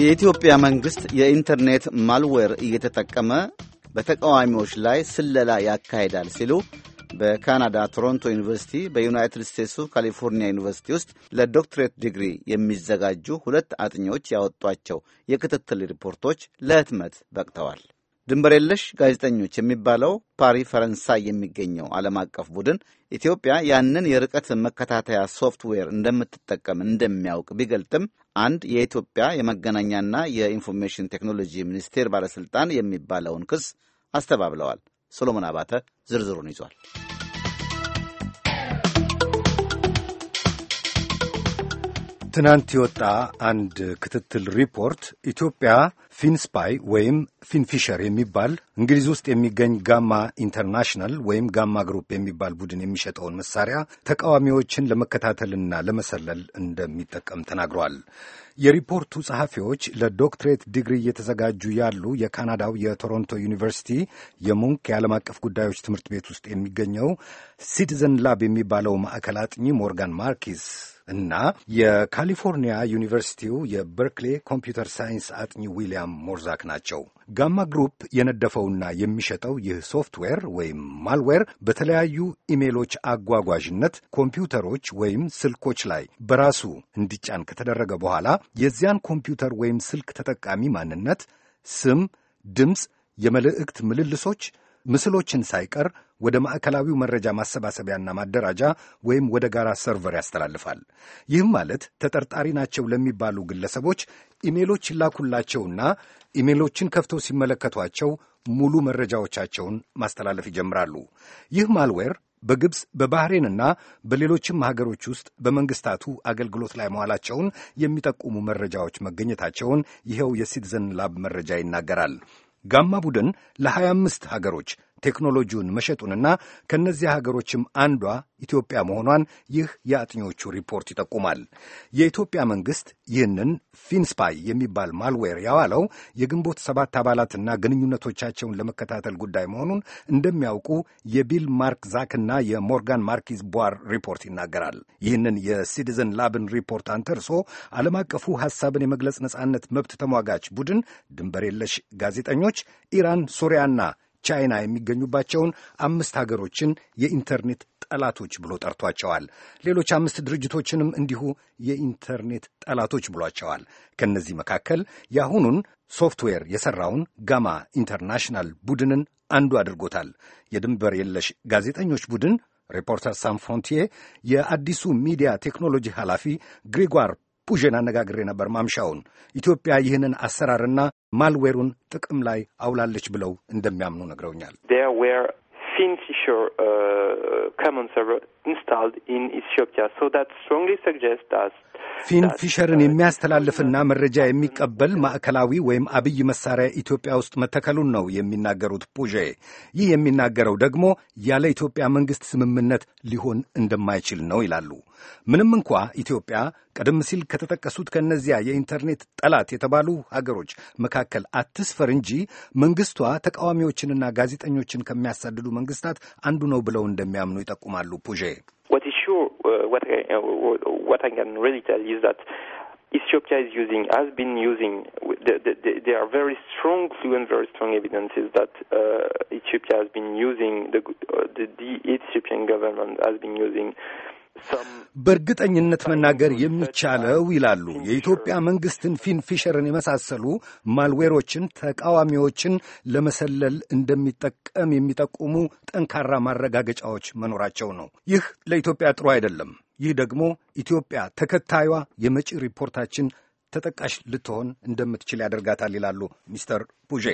የኢትዮጵያ መንግሥት የኢንተርኔት ማልዌር እየተጠቀመ በተቃዋሚዎች ላይ ስለላ ያካሂዳል ሲሉ በካናዳ ቶሮንቶ ዩኒቨርሲቲ በዩናይትድ ስቴትሱ ካሊፎርኒያ ዩኒቨርሲቲ ውስጥ ለዶክትሬት ዲግሪ የሚዘጋጁ ሁለት አጥኚዎች ያወጧቸው የክትትል ሪፖርቶች ለህትመት በቅተዋል። ድንበር የለሽ ጋዜጠኞች የሚባለው ፓሪ ፈረንሳይ የሚገኘው ዓለም አቀፍ ቡድን ኢትዮጵያ ያንን የርቀት መከታተያ ሶፍትዌር እንደምትጠቀም እንደሚያውቅ ቢገልጥም አንድ የኢትዮጵያ የመገናኛና የኢንፎርሜሽን ቴክኖሎጂ ሚኒስቴር ባለሥልጣን የሚባለውን ክስ አስተባብለዋል። ሶሎሞን አባተ ዝርዝሩን ይዟል። ትናንት የወጣ አንድ ክትትል ሪፖርት ኢትዮጵያ ፊንስፓይ ወይም ፊንፊሸር የሚባል እንግሊዝ ውስጥ የሚገኝ ጋማ ኢንተርናሽናል ወይም ጋማ ግሩፕ የሚባል ቡድን የሚሸጠውን መሳሪያ ተቃዋሚዎችን ለመከታተልና ለመሰለል እንደሚጠቀም ተናግሯል። የሪፖርቱ ጸሐፊዎች ለዶክትሬት ዲግሪ እየተዘጋጁ ያሉ የካናዳው የቶሮንቶ ዩኒቨርሲቲ የሙንክ የዓለም አቀፍ ጉዳዮች ትምህርት ቤት ውስጥ የሚገኘው ሲቲዘን ላብ የሚባለው ማዕከል አጥኚ ሞርጋን ማርኪስ እና የካሊፎርኒያ ዩኒቨርሲቲው የበርክሌ ኮምፒውተር ሳይንስ አጥኚ ዊልያም ሞርዛክ ናቸው። ጋማ ግሩፕ የነደፈውና የሚሸጠው ይህ ሶፍትዌር ወይም ማልዌር በተለያዩ ኢሜሎች አጓጓዥነት ኮምፒውተሮች ወይም ስልኮች ላይ በራሱ እንዲጫን ከተደረገ በኋላ የዚያን ኮምፒውተር ወይም ስልክ ተጠቃሚ ማንነት፣ ስም፣ ድምፅ፣ የመልእክት ምልልሶች ምስሎችን ሳይቀር ወደ ማዕከላዊው መረጃ ማሰባሰቢያና ማደራጃ ወይም ወደ ጋራ ሰርቨር ያስተላልፋል። ይህም ማለት ተጠርጣሪ ናቸው ለሚባሉ ግለሰቦች ኢሜሎች ይላኩላቸውና ኢሜሎችን ከፍተው ሲመለከቷቸው ሙሉ መረጃዎቻቸውን ማስተላለፍ ይጀምራሉ። ይህ ማልዌር በግብፅ በባህሬንና በሌሎችም ሀገሮች ውስጥ በመንግስታቱ አገልግሎት ላይ መዋላቸውን የሚጠቁሙ መረጃዎች መገኘታቸውን ይኸው የሲቲዘን ላብ መረጃ ይናገራል። ጋማ ቡድን ለ25 ሀገሮች ቴክኖሎጂውን መሸጡንና ከእነዚህ ሀገሮችም አንዷ ኢትዮጵያ መሆኗን ይህ የአጥኚዎቹ ሪፖርት ይጠቁማል። የኢትዮጵያ መንግሥት ይህንን ፊንስፓይ የሚባል ማልዌር ያዋለው የግንቦት ሰባት አባላትና ግንኙነቶቻቸውን ለመከታተል ጉዳይ መሆኑን እንደሚያውቁ የቢል ማርክ ዛክና የሞርጋን ማርኪዝ ቧር ሪፖርት ይናገራል። ይህንን የሲቲዘን ላብን ሪፖርት አንተርሶ ዓለም አቀፉ ሐሳብን የመግለጽ ነጻነት መብት ተሟጋች ቡድን ድንበር የለሽ ጋዜጠኞች ኢራን፣ ሶሪያና ቻይና የሚገኙባቸውን አምስት ሀገሮችን የኢንተርኔት ጠላቶች ብሎ ጠርቷቸዋል። ሌሎች አምስት ድርጅቶችንም እንዲሁ የኢንተርኔት ጠላቶች ብሏቸዋል። ከእነዚህ መካከል የአሁኑን ሶፍትዌር የሠራውን ጋማ ኢንተርናሽናል ቡድንን አንዱ አድርጎታል። የድንበር የለሽ ጋዜጠኞች ቡድን ሪፖርተር ሳን ፍሮንቲዬ የአዲሱ ሚዲያ ቴክኖሎጂ ኃላፊ ግሪጓር ፑዥን አነጋግሬ ነበር ማምሻውን። ኢትዮጵያ ይህንን አሰራርና ማልዌሩን ጥቅም ላይ አውላለች ብለው እንደሚያምኑ ነግረውኛል። Finfisher uh, uh common server installed in Ethiopia. So that strongly suggests that ፊሸርን uh, የሚያስተላልፍና መረጃ የሚቀበል ማዕከላዊ ወይም አብይ መሳሪያ ኢትዮጵያ ውስጥ መተከሉን ነው የሚናገሩት ፑዤ። ይህ የሚናገረው ደግሞ ያለ ኢትዮጵያ መንግሥት ስምምነት ሊሆን እንደማይችል ነው ይላሉ። ምንም እንኳ ኢትዮጵያ ቀደም ሲል ከተጠቀሱት ከእነዚያ የኢንተርኔት ጠላት የተባሉ ሀገሮች መካከል አትስፈር እንጂ መንግሥቷ ተቃዋሚዎችንና ጋዜጠኞችን ከሚያሳድዱ መንግስታት አንዱ ነው ብለው እንደሚያምኑ ይጠቁማሉ። ፑዤ uh, uh, Ethiopia is using, has been using, there are very strong, and very strong evidences that uh, Ethiopia has been using, the, uh, the, the Ethiopian government has been using በእርግጠኝነት መናገር የሚቻለው ይላሉ የኢትዮጵያ መንግስትን ፊንፊሸርን የመሳሰሉ ማልዌሮችን፣ ተቃዋሚዎችን ለመሰለል እንደሚጠቀም የሚጠቁሙ ጠንካራ ማረጋገጫዎች መኖራቸው ነው። ይህ ለኢትዮጵያ ጥሩ አይደለም። ይህ ደግሞ ኢትዮጵያ ተከታዩዋ የመጪ ሪፖርታችን ተጠቃሽ ልትሆን እንደምትችል ያደርጋታል ይላሉ ሚስተር ፑዤ።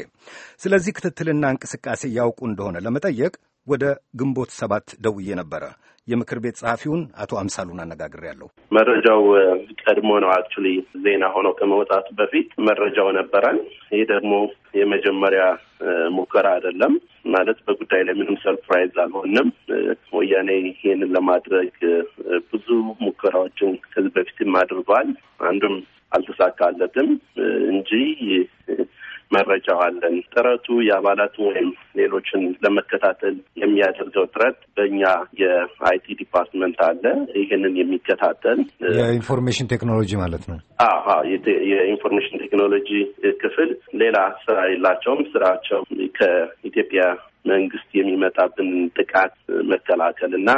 ስለዚህ ክትትልና እንቅስቃሴ ያውቁ እንደሆነ ለመጠየቅ ወደ ግንቦት ሰባት ደውዬ ነበረ። የምክር ቤት ጸሐፊውን አቶ አምሳሉን ያለው መረጃው ቀድሞ ነው አክቹዋሊ ዜና ሆኖ ከመውጣቱ በፊት መረጃው ነበረን። ይህ ደግሞ የመጀመሪያ ሙከራ አይደለም ማለት በጉዳይ ላይ ምንም ሰርፕራይዝ አልሆንም። ወያኔ ይህንን ለማድረግ ብዙ ሙከራዎችን ከዚህ በፊትም አድርጓል። አንዱም አልተሳካለትም እንጂ መረጃው አለን። ጥረቱ የአባላቱ ወይም ሌሎችን ለመከታተል የሚያደርገው ጥረት በእኛ የአይቲ ዲፓርትመንት አለ። ይህንን የሚከታተል የኢንፎርሜሽን ቴክኖሎጂ ማለት ነው። የኢንፎርሜሽን ቴክኖሎጂ ክፍል ሌላ ስራ የላቸውም። ስራቸው ከኢትዮጵያ መንግስት የሚመጣብን ጥቃት መከላከል እና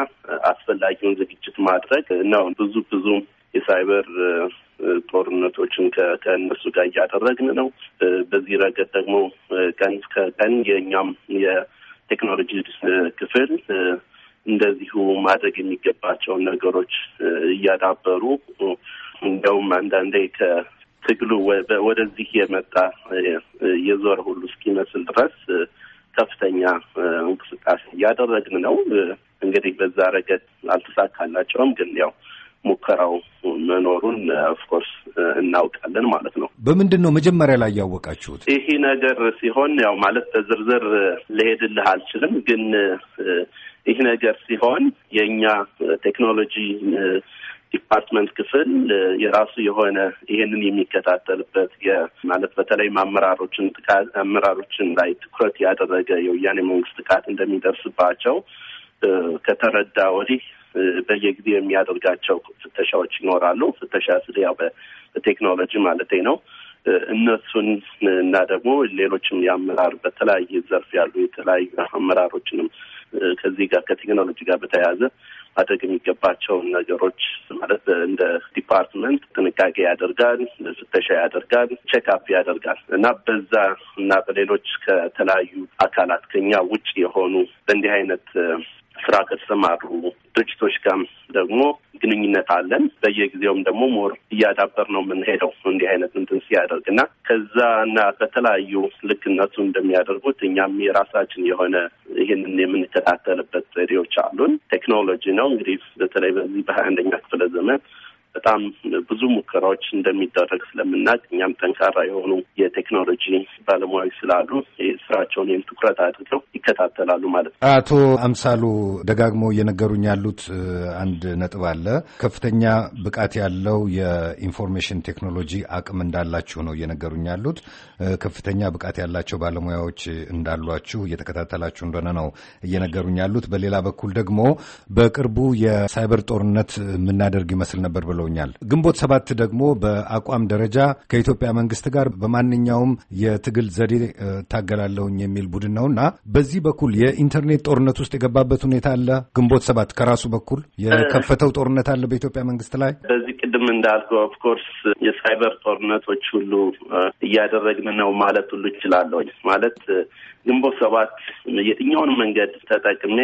አስፈላጊውን ዝግጅት ማድረግ ነው። ብዙ ብዙ የሳይበር ጦርነቶችን ከእነሱ ጋር እያደረግን ነው። በዚህ ረገድ ደግሞ ቀን ቀን የእኛም የቴክኖሎጂ ክፍል እንደዚሁ ማድረግ የሚገባቸውን ነገሮች እያዳበሩ እንደውም አንዳንዴ ከትግሉ ወደዚህ የመጣ የዞረ ሁሉ እስኪመስል ድረስ ከፍተኛ እንቅስቃሴ እያደረግን ነው። እንግዲህ በዛ ረገድ አልተሳካላቸውም፣ ግን ያው ሙከራው መኖሩን ኦፍኮርስ እናውቃለን ማለት ነው። በምንድን ነው መጀመሪያ ላይ ያወቃችሁት? ይሄ ነገር ሲሆን ያው ማለት በዝርዝር ልሄድልህ አልችልም፣ ግን ይህ ነገር ሲሆን የእኛ ቴክኖሎጂ ዲፓርትመንት ክፍል የራሱ የሆነ ይሄንን የሚከታተልበት ማለት በተለይ አመራሮችን ጥቃት አመራሮችን ላይ ትኩረት ያደረገ የወያኔ መንግስት ጥቃት እንደሚደርስባቸው ከተረዳ ወዲህ በየጊዜው የሚያደርጋቸው ፍተሻዎች ይኖራሉ። ፍተሻ ስል ያው በቴክኖሎጂ ማለት ነው። እነሱን እና ደግሞ ሌሎችም የአመራር በተለያየ ዘርፍ ያሉ የተለያዩ አመራሮችንም ከዚህ ጋር ከቴክኖሎጂ ጋር በተያያዘ ማድረግ የሚገባቸውን ነገሮች ማለት እንደ ዲፓርትመንት ጥንቃቄ ያደርጋል፣ ፍተሻ ያደርጋል፣ ቼክአፕ ያደርጋል እና በዛ እና በሌሎች ከተለያዩ አካላት ከኛ ውጭ የሆኑ በእንዲህ አይነት ስራ ከተሰማሩ ድርጅቶች ጋር ደግሞ ግንኙነት አለን። በየጊዜውም ደግሞ ሞር እያዳበር ነው የምንሄደው እንዲህ አይነት እንትን ሲያደርግ እና ከዛ እና በተለያዩ ልክነቱ እንደሚያደርጉት እኛም የራሳችን የሆነ ይህንን የምንከታተልበት ዘዴዎች አሉን። ቴክኖሎጂ ነው እንግዲህ በተለይ በዚህ በሀያ አንደኛ ክፍለ ዘመን በጣም ብዙ ሙከራዎች እንደሚደረግ ስለምናውቅ እኛም ጠንካራ የሆኑ የቴክኖሎጂ ባለሙያዎች ስላሉ ስራቸውን ይህን ትኩረት አድርገው ይከታተላሉ ማለት ነው። አቶ አምሳሉ ደጋግመው እየነገሩኝ ያሉት አንድ ነጥብ አለ። ከፍተኛ ብቃት ያለው የኢንፎርሜሽን ቴክኖሎጂ አቅም እንዳላችሁ ነው እየነገሩኝ ያሉት። ከፍተኛ ብቃት ያላቸው ባለሙያዎች እንዳሏችሁ እየተከታተላችሁ እንደሆነ ነው እየነገሩኝ ያሉት። በሌላ በኩል ደግሞ በቅርቡ የሳይበር ጦርነት የምናደርግ ይመስል ነበር ብሎ ብለውኛል። ግንቦት ሰባት ደግሞ በአቋም ደረጃ ከኢትዮጵያ መንግስት ጋር በማንኛውም የትግል ዘዴ እታገላለሁኝ የሚል ቡድን እና በዚህ በኩል የኢንተርኔት ጦርነት ውስጥ የገባበት ሁኔታ አለ። ግንቦት ሰባት ከራሱ በኩል የከፈተው ጦርነት አለ በኢትዮጵያ መንግስት ላይ። በዚህ ቅድም እንዳልከው ኦፍኮርስ የሳይበር ጦርነቶች ሁሉ እያደረግን ነው ማለት ሁሉ ይችላለሁኝ ማለት ግንቦት ሰባት የትኛውን መንገድ ተጠቅሜ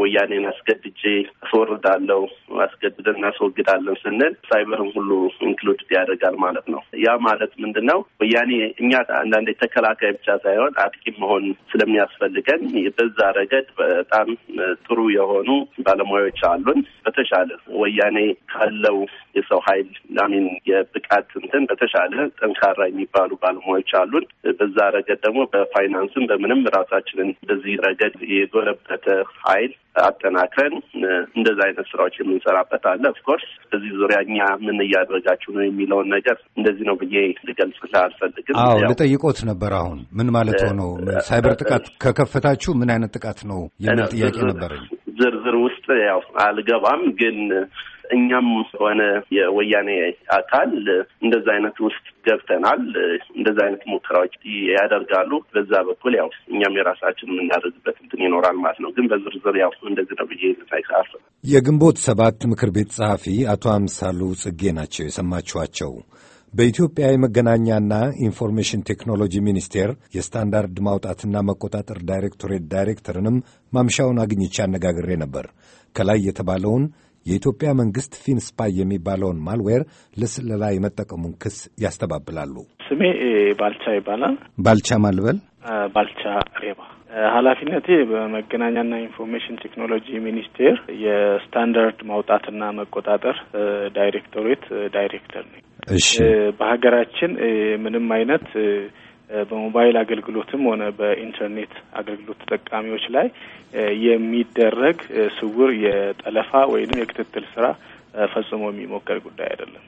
ወያኔን አስገድጄ አስወርዳለሁ አስገድደን እናስወግዳለን ስን ስንል ሳይበርን ሁሉ ኢንክሉድ ያደርጋል ማለት ነው። ያ ማለት ምንድን ነው? ወያኔ እኛ አንዳንዴ ተከላካይ ብቻ ሳይሆን አጥቂ መሆን ስለሚያስፈልገን በዛ ረገድ በጣም ጥሩ የሆኑ ባለሙያዎች አሉን። በተሻለ ወያኔ ካለው የሰው ኃይል ላሚን የብቃት እንትን በተሻለ ጠንካራ የሚባሉ ባለሙያዎች አሉን። በዛ ረገድ ደግሞ በፋይናንስም በምንም ራሳችንን በዚህ ረገድ የጎለበተ ኃይል አጠናክረን እንደዛ አይነት ስራዎች የምንሰራበት አለ። ኦፍኮርስ በዚህ ዙሪያ እኛ ምን እያደረጋችሁ ነው የሚለውን ነገር እንደዚህ ነው ብዬ ልገልጽ አልፈልግም። አዎ ልጠይቆት ነበር። አሁን ምን ማለት ነው ሳይበር ጥቃት ከከፈታችሁ ምን አይነት ጥቃት ነው የሚል ጥያቄ ነበረኝ። ዝርዝር ውስጥ ያው አልገባም ግን እኛም ሆነ የወያኔ አካል እንደዛ አይነት ውስጥ ገብተናል። እንደዛ አይነት ሙከራዎች ያደርጋሉ። በዛ በኩል ያው እኛም የራሳችን የምናደርግበት እንትን ይኖራል ማለት ነው። ግን በዝርዝር ያው እንደዚህ ነው ብዬ ሳይካፍ የግንቦት ሰባት ምክር ቤት ጸሐፊ አቶ አምሳሉ ጽጌ ናቸው የሰማችኋቸው። በኢትዮጵያ የመገናኛና ኢንፎርሜሽን ቴክኖሎጂ ሚኒስቴር የስታንዳርድ ማውጣትና መቆጣጠር ዳይሬክቶሬት ዳይሬክተርንም ማምሻውን አግኝቼ አነጋግሬ ነበር። ከላይ የተባለውን የኢትዮጵያ መንግስት ፊንስፓይ የሚባለውን ማልዌር ለስለላ የመጠቀሙን ክስ ያስተባብላሉ። ስሜ ባልቻ ይባላል። ባልቻ ማልበል ባልቻ ሬባ። ኃላፊነቴ በመገናኛና ኢንፎርሜሽን ቴክኖሎጂ ሚኒስቴር የስታንዳርድ ማውጣትና መቆጣጠር ዳይሬክቶሬት ዳይሬክተር ነኝ። እሺ በሀገራችን ምንም አይነት በሞባይል አገልግሎትም ሆነ በኢንተርኔት አገልግሎት ተጠቃሚዎች ላይ የሚደረግ ስውር የጠለፋ ወይንም የክትትል ስራ ፈጽሞ የሚሞከር ጉዳይ አይደለም።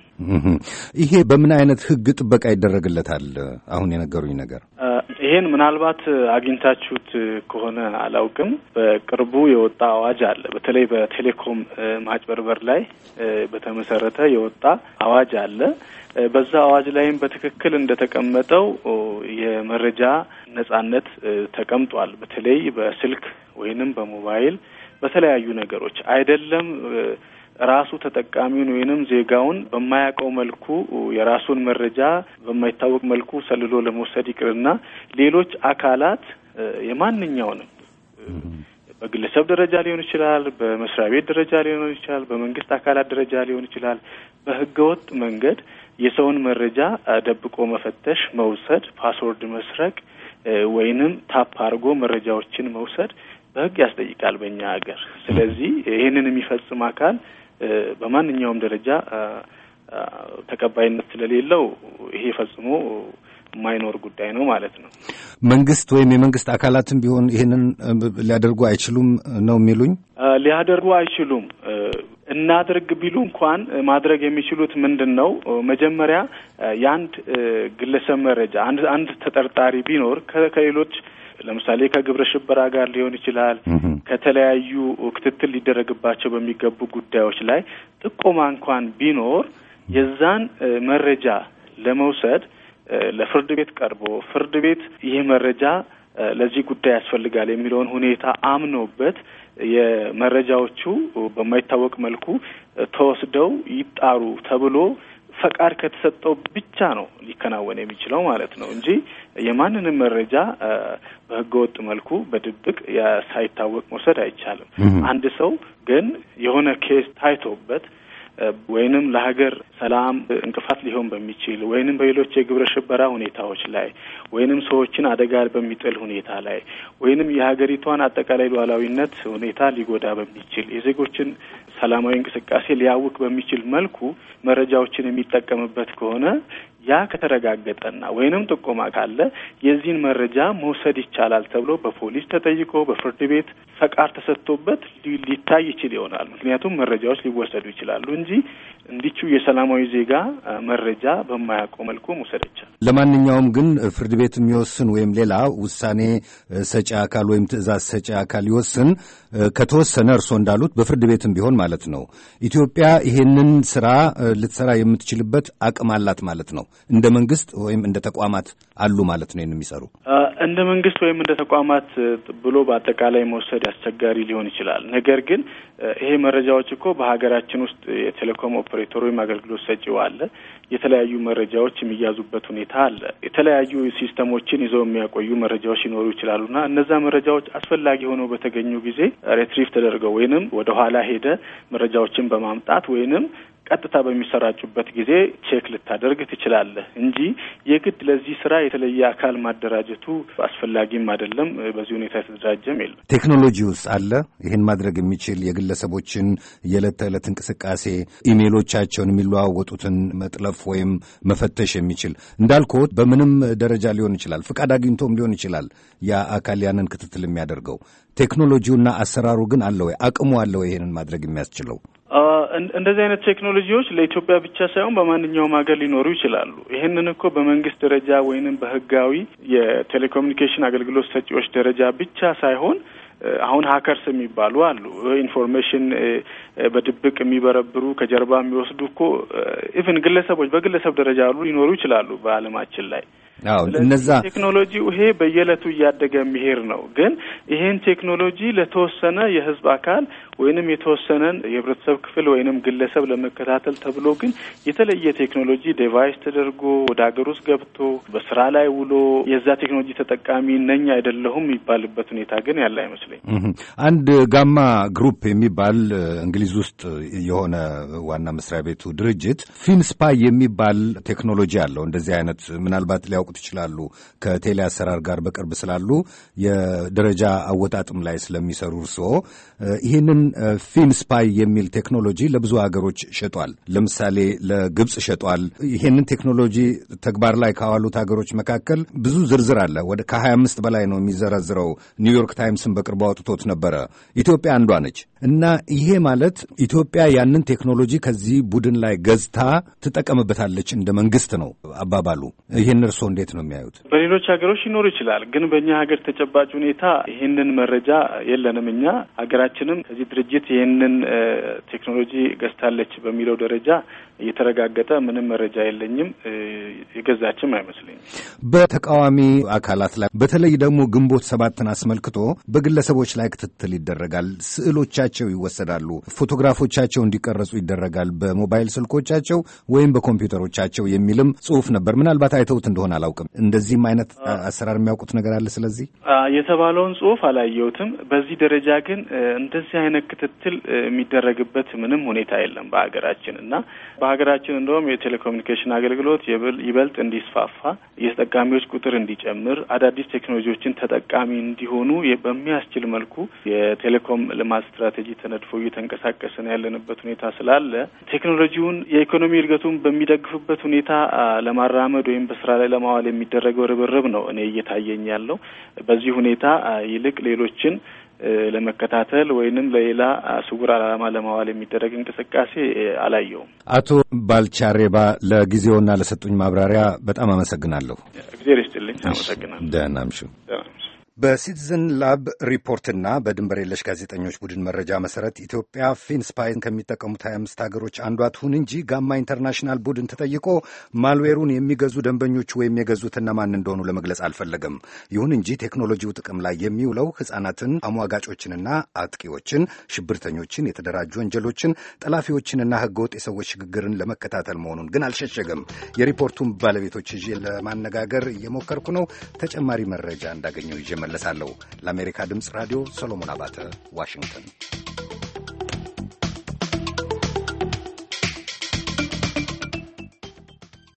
ይሄ በምን አይነት ህግ ጥበቃ ይደረግለታል? አሁን የነገሩኝ ነገር ይሄን ምናልባት አግኝታችሁት ከሆነ አላውቅም። በቅርቡ የወጣ አዋጅ አለ። በተለይ በቴሌኮም ማጭበርበር ላይ በተመሰረተ የወጣ አዋጅ አለ። በዛ አዋጅ ላይም በትክክል እንደተቀመጠው የመረጃ ነጻነት ተቀምጧል። በተለይ በስልክ ወይንም በሞባይል በተለያዩ ነገሮች አይደለም ራሱ ተጠቃሚውን ወይንም ዜጋውን በማያውቀው መልኩ የራሱን መረጃ በማይታወቅ መልኩ ሰልሎ ለመውሰድ ይቅርና ሌሎች አካላት የማንኛውንም በግለሰብ ደረጃ ሊሆን ይችላል፣ በመስሪያ ቤት ደረጃ ሊሆን ይችላል፣ በመንግስት አካላት ደረጃ ሊሆን ይችላል። በህገወጥ መንገድ የሰውን መረጃ ደብቆ መፈተሽ፣ መውሰድ፣ ፓስወርድ መስረቅ ወይንም ታፕ አድርጎ መረጃዎችን መውሰድ በህግ ያስጠይቃል በእኛ ሀገር። ስለዚህ ይህንን የሚፈጽም አካል በማንኛውም ደረጃ ተቀባይነት ስለሌለው ይሄ ፈጽሞ የማይኖር ጉዳይ ነው ማለት ነው። መንግስት ወይም የመንግስት አካላትም ቢሆን ይህንን ሊያደርጉ አይችሉም ነው የሚሉኝ? ሊያደርጉ አይችሉም። እናድርግ ቢሉ እንኳን ማድረግ የሚችሉት ምንድን ነው? መጀመሪያ የአንድ ግለሰብ መረጃ አንድ አንድ ተጠርጣሪ ቢኖር ከሌሎች ለምሳሌ ከግብረ ሽበራ ጋር ሊሆን ይችላል። ከተለያዩ ክትትል ሊደረግባቸው በሚገቡ ጉዳዮች ላይ ጥቆማ እንኳን ቢኖር የዛን መረጃ ለመውሰድ ለፍርድ ቤት ቀርቦ ፍርድ ቤት ይህ መረጃ ለዚህ ጉዳይ ያስፈልጋል የሚለውን ሁኔታ አምኖበት የመረጃዎቹ በማይታወቅ መልኩ ተወስደው ይጣሩ ተብሎ ፈቃድ ከተሰጠው ብቻ ነው ሊከናወን የሚችለው ማለት ነው እንጂ የማንንም መረጃ በህገወጥ መልኩ በድብቅ ሳይታወቅ መውሰድ አይቻልም። አንድ ሰው ግን የሆነ ኬስ ታይቶበት ወይንም ለሀገር ሰላም እንቅፋት ሊሆን በሚችል ወይንም በሌሎች የግብረ ሽበራ ሁኔታዎች ላይ ወይንም ሰዎችን አደጋ በሚጥል ሁኔታ ላይ ወይንም የሀገሪቷን አጠቃላይ ሉዓላዊነት ሁኔታ ሊጎዳ በሚችል የዜጎችን ሰላማዊ እንቅስቃሴ ሊያውክ በሚችል መልኩ መረጃዎችን የሚጠቀምበት ከሆነ ያ ከተረጋገጠና ወይንም ጥቆማ ካለ የዚህን መረጃ መውሰድ ይቻላል ተብሎ በፖሊስ ተጠይቆ በፍርድ ቤት ፈቃድ ተሰጥቶበት ሊታይ ይችል ይሆናል። ምክንያቱም መረጃዎች ሊወሰዱ ይችላሉ እንጂ እንዲቹ የሰላማዊ ዜጋ መረጃ በማያውቀው መልኩ መውሰድ ይቻላል። ለማንኛውም ግን ፍርድ ቤት የሚወስን ወይም ሌላ ውሳኔ ሰጪ አካል ወይም ትዕዛዝ ሰጪ አካል ይወስን ከተወሰነ እርስዎ እንዳሉት በፍርድ ቤትም ቢሆን ማለት ነው ኢትዮጵያ ይሄንን ስራ ልትሰራ የምትችልበት አቅም አላት ማለት ነው። እንደ መንግስት ወይም እንደ ተቋማት አሉ ማለት ነው የሚሰሩ እንደ መንግስት ወይም እንደ ተቋማት ብሎ በአጠቃላይ መውሰድ አስቸጋሪ ሊሆን ይችላል። ነገር ግን ይሄ መረጃዎች እኮ በሀገራችን ውስጥ የቴሌኮም ኦፕሬተር ወይም አገልግሎት ሰጪው አለ። የተለያዩ መረጃዎች የሚያዙበት ሁኔታ አለ። የተለያዩ ሲስተሞችን ይዘው የሚያቆዩ መረጃዎች ሊኖሩ ይችላሉና እነዛ መረጃዎች አስፈላጊ ሆነው በተገኙ ጊዜ ሬትሪቭ ተደርገው ወይንም ወደ ኋላ ሄደ መረጃዎችን በማምጣት ወይንም ቀጥታ በሚሰራጩበት ጊዜ ቼክ ልታደርግ ትችላለህ እንጂ የግድ ለዚህ ስራ የተለየ አካል ማደራጀቱ አስፈላጊም አይደለም። በዚህ ሁኔታ የተደራጀም የለም። ቴክኖሎጂ ውስጥ አለ ይህን ማድረግ የሚችል የግለሰቦችን የዕለት ተዕለት እንቅስቃሴ ኢሜሎቻቸውን የሚለዋወጡትን መጥለፍ ወይም መፈተሽ የሚችል እንዳልኩት በምንም ደረጃ ሊሆን ይችላል። ፍቃድ አግኝቶም ሊሆን ይችላል ያ አካል ያንን ክትትል የሚያደርገው ቴክኖሎጂውና አሰራሩ ግን አለ ወይ? አቅሙ አለ ወይ? ይህንን ማድረግ የሚያስችለው እንደዚህ አይነት ቴክኖሎጂዎች ለኢትዮጵያ ብቻ ሳይሆን በማንኛውም ሀገር ሊኖሩ ይችላሉ። ይህንን እኮ በመንግስት ደረጃ ወይንም በህጋዊ የቴሌኮሙኒኬሽን አገልግሎት ሰጪዎች ደረጃ ብቻ ሳይሆን አሁን ሀከርስ የሚባሉ አሉ። ኢንፎርሜሽን በድብቅ የሚበረብሩ ከጀርባ የሚወስዱ እኮ ኢቭን ግለሰቦች በግለሰብ ደረጃ አሉ ሊኖሩ ይችላሉ በአለማችን ላይ። ቴክኖሎጂ እነዛ ይሄ በየዕለቱ እያደገ የሚሄድ ነው። ግን ይሄን ቴክኖሎጂ ለተወሰነ የህዝብ አካል ወይንም የተወሰነን የህብረተሰብ ክፍል ወይንም ግለሰብ ለመከታተል ተብሎ ግን የተለየ ቴክኖሎጂ ዴቫይስ ተደርጎ ወደ ሀገር ውስጥ ገብቶ በስራ ላይ ውሎ የዛ ቴክኖሎጂ ተጠቃሚ ነኝ አይደለሁም የሚባልበት ሁኔታ ግን ያለ አይመስለኝ። አንድ ጋማ ግሩፕ የሚባል እንግሊዝ ውስጥ የሆነ ዋና መስሪያ ቤቱ ድርጅት ፊንስፓ የሚባል ቴክኖሎጂ አለው። እንደዚህ አይነት ምናልባት ሊያውቁት ይችላሉ ከቴሌ አሰራር ጋር በቅርብ ስላሉ የደረጃ አወጣጥም ላይ ስለሚሰሩ እርስዎ ይህንን ፊንስፓይ የሚል ቴክኖሎጂ ለብዙ ሀገሮች ሸጧል። ለምሳሌ ለግብፅ ሸጧል። ይሄንን ቴክኖሎጂ ተግባር ላይ ካዋሉት ሀገሮች መካከል ብዙ ዝርዝር አለ። ወደ ከ25 በላይ ነው የሚዘረዝረው። ኒውዮርክ ታይምስን በቅርቡ አውጥቶት ነበረ። ኢትዮጵያ አንዷ ነች እና ይሄ ማለት ኢትዮጵያ ያንን ቴክኖሎጂ ከዚህ ቡድን ላይ ገዝታ ትጠቀምበታለች እንደ መንግስት ነው አባባሉ። ይህን እርስዎ እንዴት ነው የሚያዩት? በሌሎች ሀገሮች ሊኖሩ ይችላል፣ ግን በእኛ ሀገር ተጨባጭ ሁኔታ ይህንን መረጃ የለንም። እኛ ሀገራችንም ከዚህ ድርጅት ይህንን ቴክኖሎጂ ገዝታለች በሚለው ደረጃ እየተረጋገጠ ምንም መረጃ የለኝም። የገዛችም አይመስለኝም። በተቃዋሚ አካላት ላይ በተለይ ደግሞ ግንቦት ሰባትን አስመልክቶ በግለሰቦች ላይ ክትትል ይደረጋል። ስዕሎቻቸው ይወሰዳሉ፣ ፎቶግራፎቻቸው እንዲቀረጹ ይደረጋል በሞባይል ስልኮቻቸው ወይም በኮምፒውተሮቻቸው የሚልም ጽሁፍ ነበር። ምናልባት አይተውት እንደሆነ አላውቅም። እንደዚህም አይነት አሰራር የሚያውቁት ነገር አለ። ስለዚህ የተባለውን ጽሁፍ አላየሁትም። በዚህ ደረጃ ግን እንደዚህ አይነት ክትትል የሚደረግበት ምንም ሁኔታ የለም በሀገራችን እና በሀገራችን እንደውም የቴሌኮሙኒኬሽን አገልግሎት ይበልጥ እንዲስፋፋ፣ የተጠቃሚዎች ቁጥር እንዲጨምር፣ አዳዲስ ቴክኖሎጂዎችን ተጠቃሚ እንዲሆኑ በሚያስችል መልኩ የቴሌኮም ልማት ስትራቴጂ ተነድፎ እየተንቀሳቀስን ያለንበት ሁኔታ ስላለ ቴክኖሎጂውን የኢኮኖሚ እድገቱን በሚደግፍበት ሁኔታ ለማራመድ ወይም በስራ ላይ ለማዋል የሚደረገው ርብርብ ነው እኔ እየታየኝ ያለው በዚህ ሁኔታ ይልቅ ሌሎችን ለመከታተል ወይንም ለሌላ ስውር አላማ ለማዋል የሚደረግ እንቅስቃሴ አላየውም። አቶ ባልቻሬባ ለጊዜውና ለሰጡኝ ማብራሪያ በጣም አመሰግናለሁ። እግዜር ይስጥልኝ። አመሰግናለሁ። ደህና በሲቲዝን ላብ ሪፖርትና በድንበር የለሽ ጋዜጠኞች ቡድን መረጃ መሰረት ኢትዮጵያ ፊንስፓይን ከሚጠቀሙት 25 ሀገሮች አንዷ ትሁን እንጂ ጋማ ኢንተርናሽናል ቡድን ተጠይቆ ማልዌሩን የሚገዙ ደንበኞቹ ወይም የገዙት እነማን እንደሆኑ ለመግለጽ አልፈለገም። ይሁን እንጂ ቴክኖሎጂው ጥቅም ላይ የሚውለው ሕፃናትን፣ አሟጋጮችንና አጥቂዎችን፣ ሽብርተኞችን፣ የተደራጁ ወንጀሎችን፣ ጠላፊዎችንና ሕገወጥ የሰዎች ሽግግርን ለመከታተል መሆኑን ግን አልሸሸገም። የሪፖርቱን ባለቤቶች ይዤ ለማነጋገር እየሞከርኩ ነው። ተጨማሪ መረጃ እንዳገኘው ይጀምራል። እመለሳለሁ። ለአሜሪካ ድምፅ ራዲዮ ሰሎሞን አባተ ዋሽንግተን